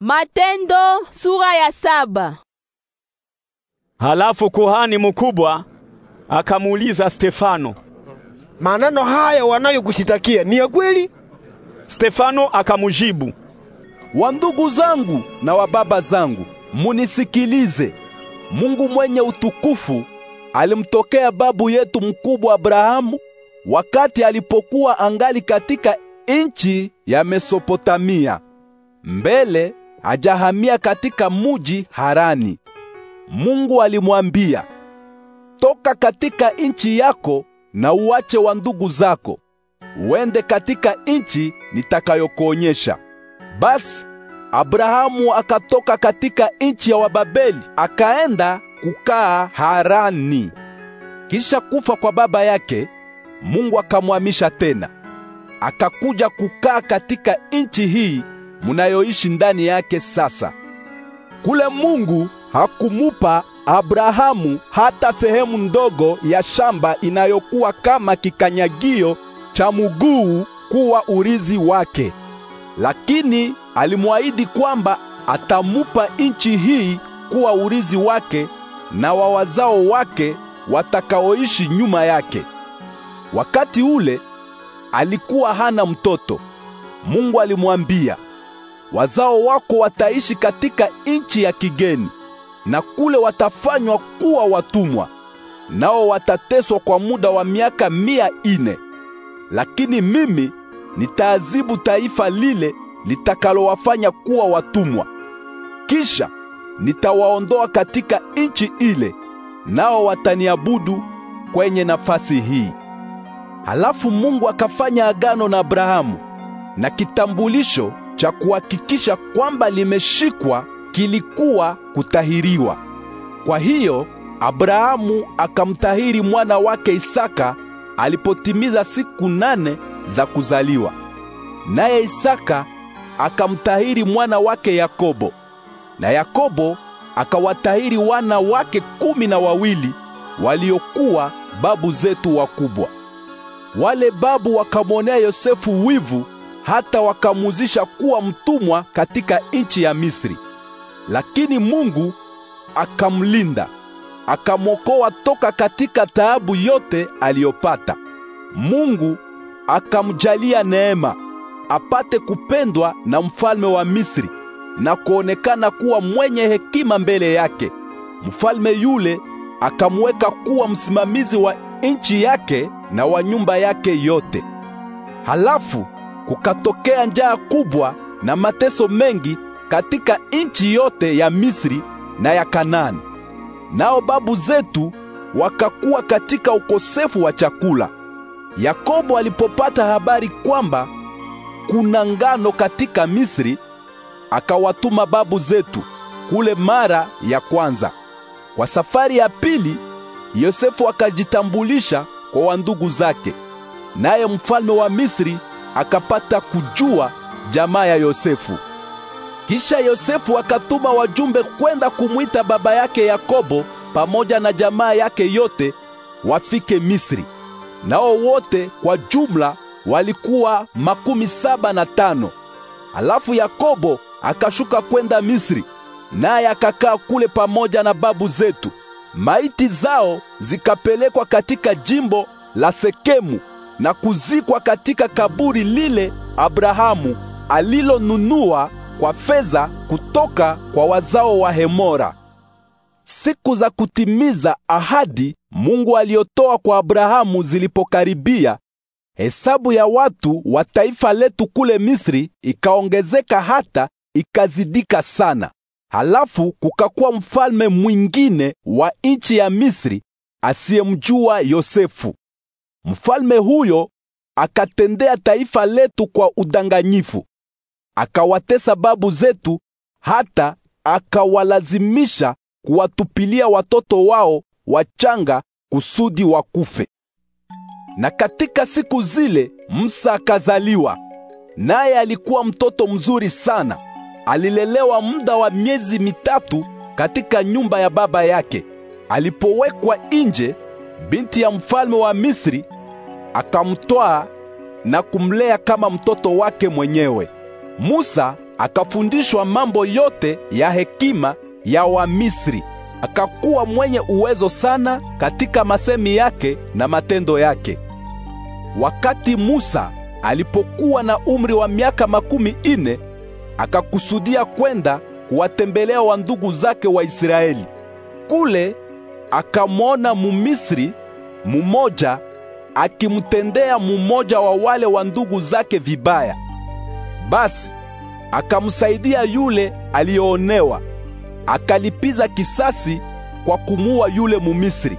Matendo sura ya saba. Halafu kuhani mkubwa akamuuliza Stefano, maneno haya wanayokushitakia ni ya kweli? Stefano akamujibu, wa ndugu zangu na wa baba zangu, munisikilize. Mungu mwenye utukufu alimtokea babu yetu mkubwa Abrahamu wakati alipokuwa angali katika nchi ya Mesopotamia, mbele ajahamia katika muji Harani. Mungu alimwambia, toka katika nchi yako na uache wa ndugu zako, uende katika nchi nitakayokuonyesha. Basi Abrahamu akatoka katika nchi ya Wababeli akaenda kukaa Harani. Kisha kufa kwa baba yake, Mungu akamhamisha tena, akakuja kukaa katika nchi hii munayoishi ndani yake sasa. Kule Mungu hakumupa Abrahamu hata sehemu ndogo ya shamba inayokuwa kama kikanyagio cha mguu kuwa urizi wake, lakini alimwahidi kwamba atamupa nchi hii kuwa urizi wake na wa wazao wake watakaoishi nyuma yake. Wakati ule alikuwa hana mtoto. Mungu alimwambia, wazao wako wataishi katika nchi ya kigeni, na kule watafanywa kuwa watumwa, nao watateswa kwa muda wa miaka mia ine. Lakini mimi nitaazibu taifa lile litakalowafanya kuwa watumwa, kisha nitawaondoa katika nchi ile, nao wataniabudu kwenye nafasi hii. Halafu Mungu akafanya agano na Abrahamu na kitambulisho cha kuhakikisha kwamba limeshikwa kilikuwa kutahiriwa. Kwa hiyo Abrahamu akamtahiri mwana wake Isaka alipotimiza siku nane za kuzaliwa. Naye Isaka akamtahiri mwana wake Yakobo, na Yakobo akawatahiri wana wake kumi na wawili waliokuwa babu zetu wakubwa. Wale babu wakamwonea Yosefu wivu hata wakamuzisha kuwa mtumwa katika nchi ya Misri. Lakini Mungu akamlinda, akamwokoa toka katika taabu yote aliyopata. Mungu akamjalia neema apate kupendwa na mfalme wa Misri na kuonekana kuwa mwenye hekima mbele yake. Mfalme yule akamweka kuwa msimamizi wa nchi yake na wa nyumba yake yote. Halafu kukatokea njaa kubwa na mateso mengi katika nchi yote ya Misri na ya Kanaani. Nao babu zetu wakakuwa katika ukosefu wa chakula. Yakobo alipopata habari kwamba kuna ngano katika Misri, akawatuma babu zetu kule mara ya kwanza. Kwa safari ya pili, Yosefu akajitambulisha kwa wandugu zake, naye mfalme wa Misri akapata kujua jamaa ya Yosefu. Kisha Yosefu akatuma wajumbe kwenda kumwita baba yake Yakobo pamoja na jamaa yake yote wafike Misri. Nao wote kwa jumla walikuwa makumi saba na tano. Alafu Yakobo akashuka kwenda Misri, naye akakaa kule pamoja na babu zetu. Maiti zao zikapelekwa katika jimbo la Sekemu na kuzikwa katika kaburi lile Abrahamu alilonunua kwa fedha kutoka kwa wazao wa Hemora. Siku za kutimiza ahadi Mungu aliyotoa kwa Abrahamu zilipokaribia, hesabu ya watu wa taifa letu kule Misri ikaongezeka hata ikazidika sana. Halafu kukakuwa mfalme mwingine wa nchi ya Misri asiyemjua Yosefu. Mfalme huyo akatendea taifa letu kwa udanganyifu, akawatesa babu zetu, hata akawalazimisha kuwatupilia watoto wao wachanga kusudi wakufe. Na katika siku zile Musa akazaliwa, naye alikuwa mtoto mzuri sana. Alilelewa muda wa miezi mitatu katika nyumba ya baba yake. Alipowekwa nje, binti ya mfalme wa Misri akamtwaa na kumlea kama mtoto wake mwenyewe. Musa akafundishwa mambo yote ya hekima ya Wamisri, akakuwa mwenye uwezo sana katika masemi yake na matendo yake. Wakati Musa alipokuwa na umri wa miaka makumi ine, akakusudia kwenda kuwatembelea wa ndugu zake wa Israeli. Kule akamwona Mumisri mmoja akimtendea mumoja wa wale wa ndugu zake vibaya. Basi akamsaidia yule aliyoonewa, akalipiza kisasi kwa kumua yule Mumisri.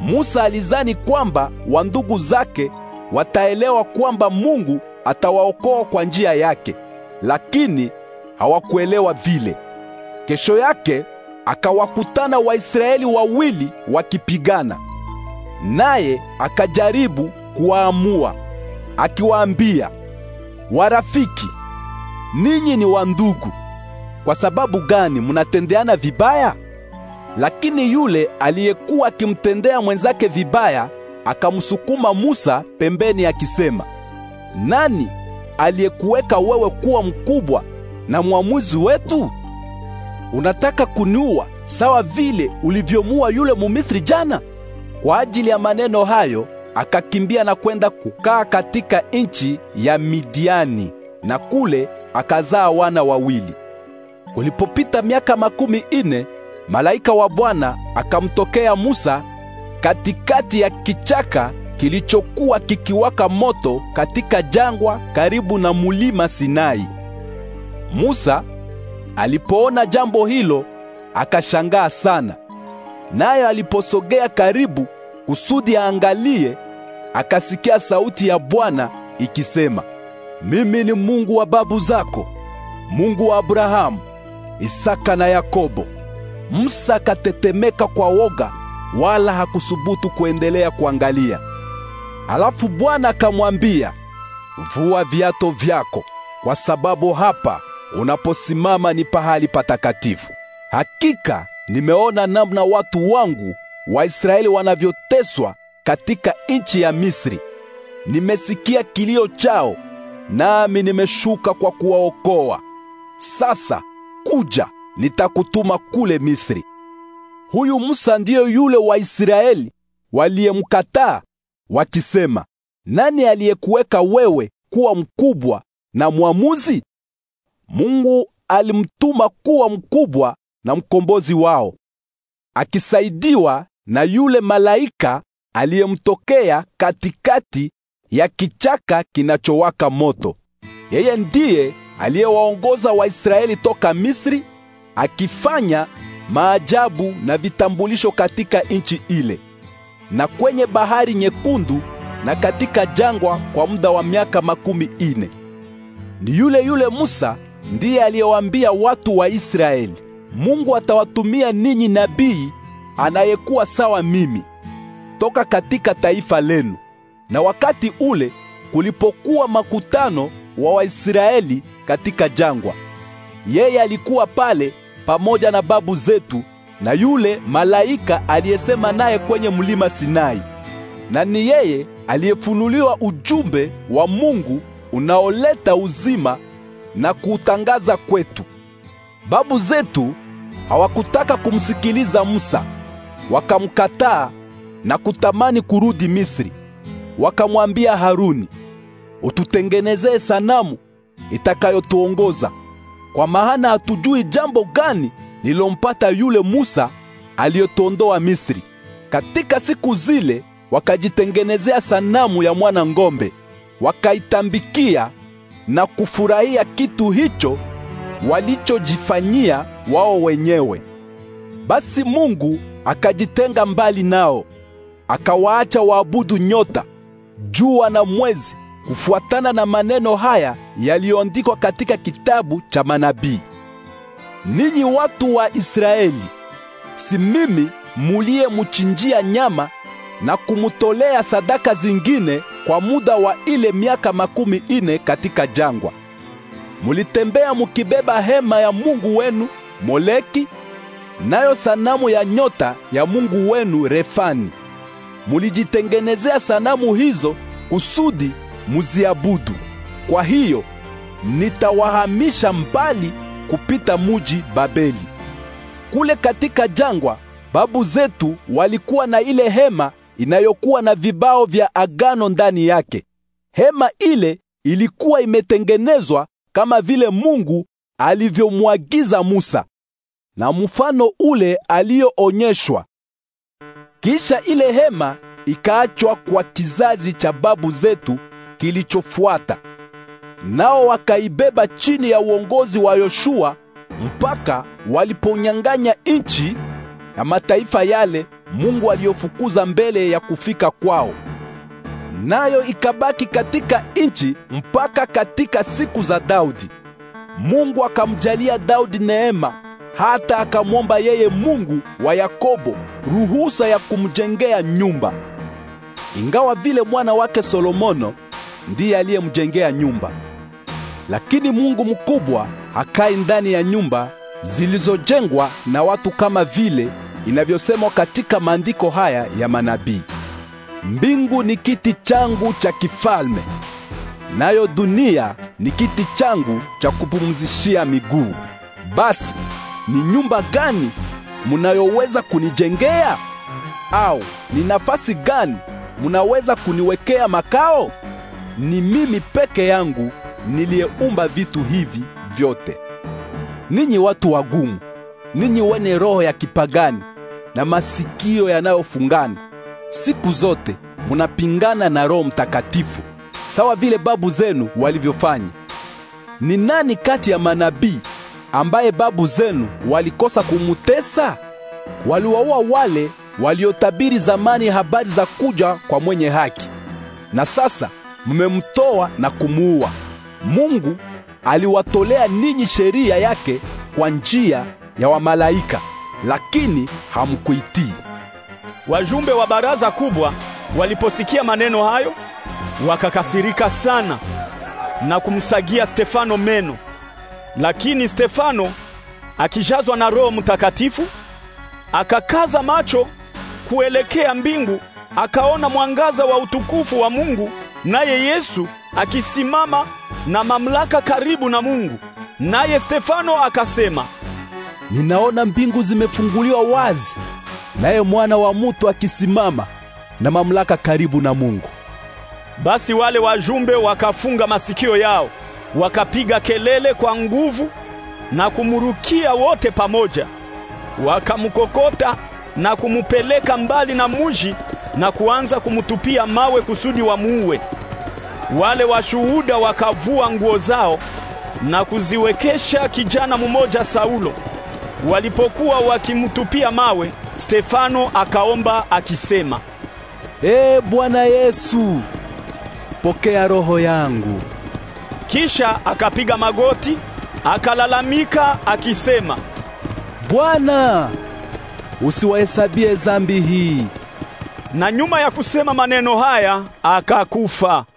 Musa alizani kwamba wa ndugu zake wataelewa kwamba Mungu atawaokoa kwa njia yake, lakini hawakuelewa vile. Kesho yake akawakutana Waisraeli wawili wakipigana naye akajaribu kuwaamua akiwaambia, warafiki, ninyi ni wa ndugu, kwa sababu gani mnatendeana vibaya? Lakini yule aliyekuwa akimtendea mwenzake vibaya akamsukuma Musa pembeni akisema, nani aliyekuweka wewe kuwa mkubwa na mwamuzi wetu? Unataka kuniua sawa vile ulivyomua yule Mumisri jana? Kwa ajili ya maneno hayo akakimbia na kwenda kukaa katika nchi ya Midiani, na kule akazaa wana wawili. Kulipopita miaka makumi nne, malaika wa Bwana akamtokea Musa katikati ya kichaka kilichokuwa kikiwaka moto katika jangwa karibu na mulima Sinai. Musa alipoona jambo hilo akashangaa sana. Naye aliposogea karibu kusudi aangalie, akasikia sauti ya Bwana ikisema, mimi ni Mungu wa babu zako, Mungu wa Abrahamu, Isaka na Yakobo. Musa akatetemeka kwa woga, wala hakusubutu kuendelea kuangalia. Alafu Bwana akamwambia, vua viato vyako, kwa sababu hapa unaposimama ni pahali patakatifu. Hakika nimeona namna watu wangu Waisraeli wanavyoteswa katika nchi ya Misri. Nimesikia kilio chao, nami nimeshuka kwa kuwaokoa. Sasa kuja, nitakutuma kule Misri. Huyu Musa ndiyo yule Waisraeli waliyemkataa wakisema, nani aliyekuweka wewe kuwa mkubwa na mwamuzi? Mungu alimtuma kuwa mkubwa na mkombozi wao, akisaidiwa na yule malaika aliyemtokea katikati ya kichaka kinachowaka moto. Yeye ndiye aliyewaongoza Waisraeli toka Misri, akifanya maajabu na vitambulisho katika nchi ile na kwenye bahari nyekundu na katika jangwa kwa muda wa miaka makumi ine. Ni yule yule Musa ndiye aliyewaambia watu wa Israeli, Mungu atawatumia ninyi nabii anayekuwa sawa mimi toka katika taifa lenu. Na wakati ule kulipokuwa makutano wa Waisraeli katika jangwa, yeye alikuwa pale pamoja na babu zetu na yule malaika aliyesema naye kwenye mlima Sinai. Na ni yeye aliyefunuliwa ujumbe wa Mungu unaoleta uzima na kuutangaza kwetu. Babu zetu hawakutaka kumsikiliza Musa Wakamkataa na kutamani kurudi Misri. Wakamwambia Haruni, ututengenezee sanamu itakayotuongoza, kwa maana hatujui jambo gani lilompata yule Musa aliyotuondoa Misri. Katika siku zile wakajitengenezea sanamu ya mwana ng'ombe, wakaitambikia na kufurahia kitu hicho walichojifanyia wao wenyewe. Basi Mungu akajitenga mbali nao, akawaacha waabudu nyota, jua na mwezi, kufuatana na maneno haya yaliyoandikwa katika kitabu cha manabii: Ninyi watu wa Israeli, si mimi muliyemuchinjia nyama na kumutolea sadaka zingine kwa muda wa ile miaka makumi ine katika jangwa. Mulitembea mukibeba hema ya Mungu wenu Moleki nayo sanamu ya nyota ya mungu wenu Refani. Mulijitengenezea sanamu hizo kusudi muziabudu. Kwa hiyo nitawahamisha mbali kupita muji Babeli. Kule katika jangwa babu zetu walikuwa na ile hema inayokuwa na vibao vya agano ndani yake. Hema ile ilikuwa imetengenezwa kama vile Mungu alivyomwagiza Musa na mfano ule aliyoonyeshwa. Kisha ile hema ikaachwa kwa kizazi cha babu zetu kilichofuata, nao wakaibeba chini ya uongozi wa Yoshua mpaka waliponyang'anya nchi ya mataifa yale Mungu aliyofukuza mbele ya kufika kwao, nayo ikabaki katika nchi mpaka katika siku za Daudi. Mungu akamjalia Daudi neema hata akamwomba yeye Mungu wa Yakobo ruhusa ya kumjengea nyumba, ingawa vile mwana wake Solomono ndiye aliyemjengea nyumba. Lakini Mungu mkubwa hakai ndani ya nyumba zilizojengwa na watu, kama vile inavyosemwa katika maandiko haya ya manabii: mbingu ni kiti changu cha kifalme, nayo dunia ni kiti changu cha kupumzishia miguu. Basi ni nyumba gani mnayoweza kunijengea? Au ni nafasi gani mnaweza kuniwekea makao? Ni mimi peke yangu niliyeumba vitu hivi vyote. Ninyi watu wagumu, ninyi wenye roho ya kipagani na masikio yanayofungana, siku zote munapingana na Roho Mtakatifu sawa vile babu zenu walivyofanya. Ni nani kati ya manabii ambaye babu zenu walikosa kumutesa? Waliwaua wale waliotabiri zamani habari za kuja kwa mwenye haki, na sasa mmemtoa na kumuua. Mungu aliwatolea ninyi sheria yake kwa njia ya wamalaika, lakini hamkuitii. Wajumbe wa baraza kubwa waliposikia maneno hayo wakakasirika sana na kumsagia Stefano meno. Lakini Stefano akijazwa na Roho Mtakatifu akakaza macho kuelekea mbingu, akaona mwangaza wa utukufu wa Mungu, naye Yesu akisimama na mamlaka karibu na Mungu. Naye Stefano akasema, ninaona mbingu zimefunguliwa wazi, naye mwana wa mutu akisimama na mamlaka karibu na Mungu. Basi wale wajumbe wakafunga masikio yao Wakapiga kelele kwa nguvu na kumurukia wote pamoja, wakamkokota na kumupeleka mbali na muji na kuanza kumutupia mawe kusudi wamuue. Wale washuhuda wakavua nguo zao na kuziwekesha kijana mmoja Saulo. Walipokuwa wakimtupia mawe, Stefano akaomba akisema, Ee Bwana Yesu, pokea roho yangu. Kisha akapiga magoti akalalamika akisema, Bwana, usiwahesabie dhambi hii. Na nyuma ya kusema maneno haya akakufa.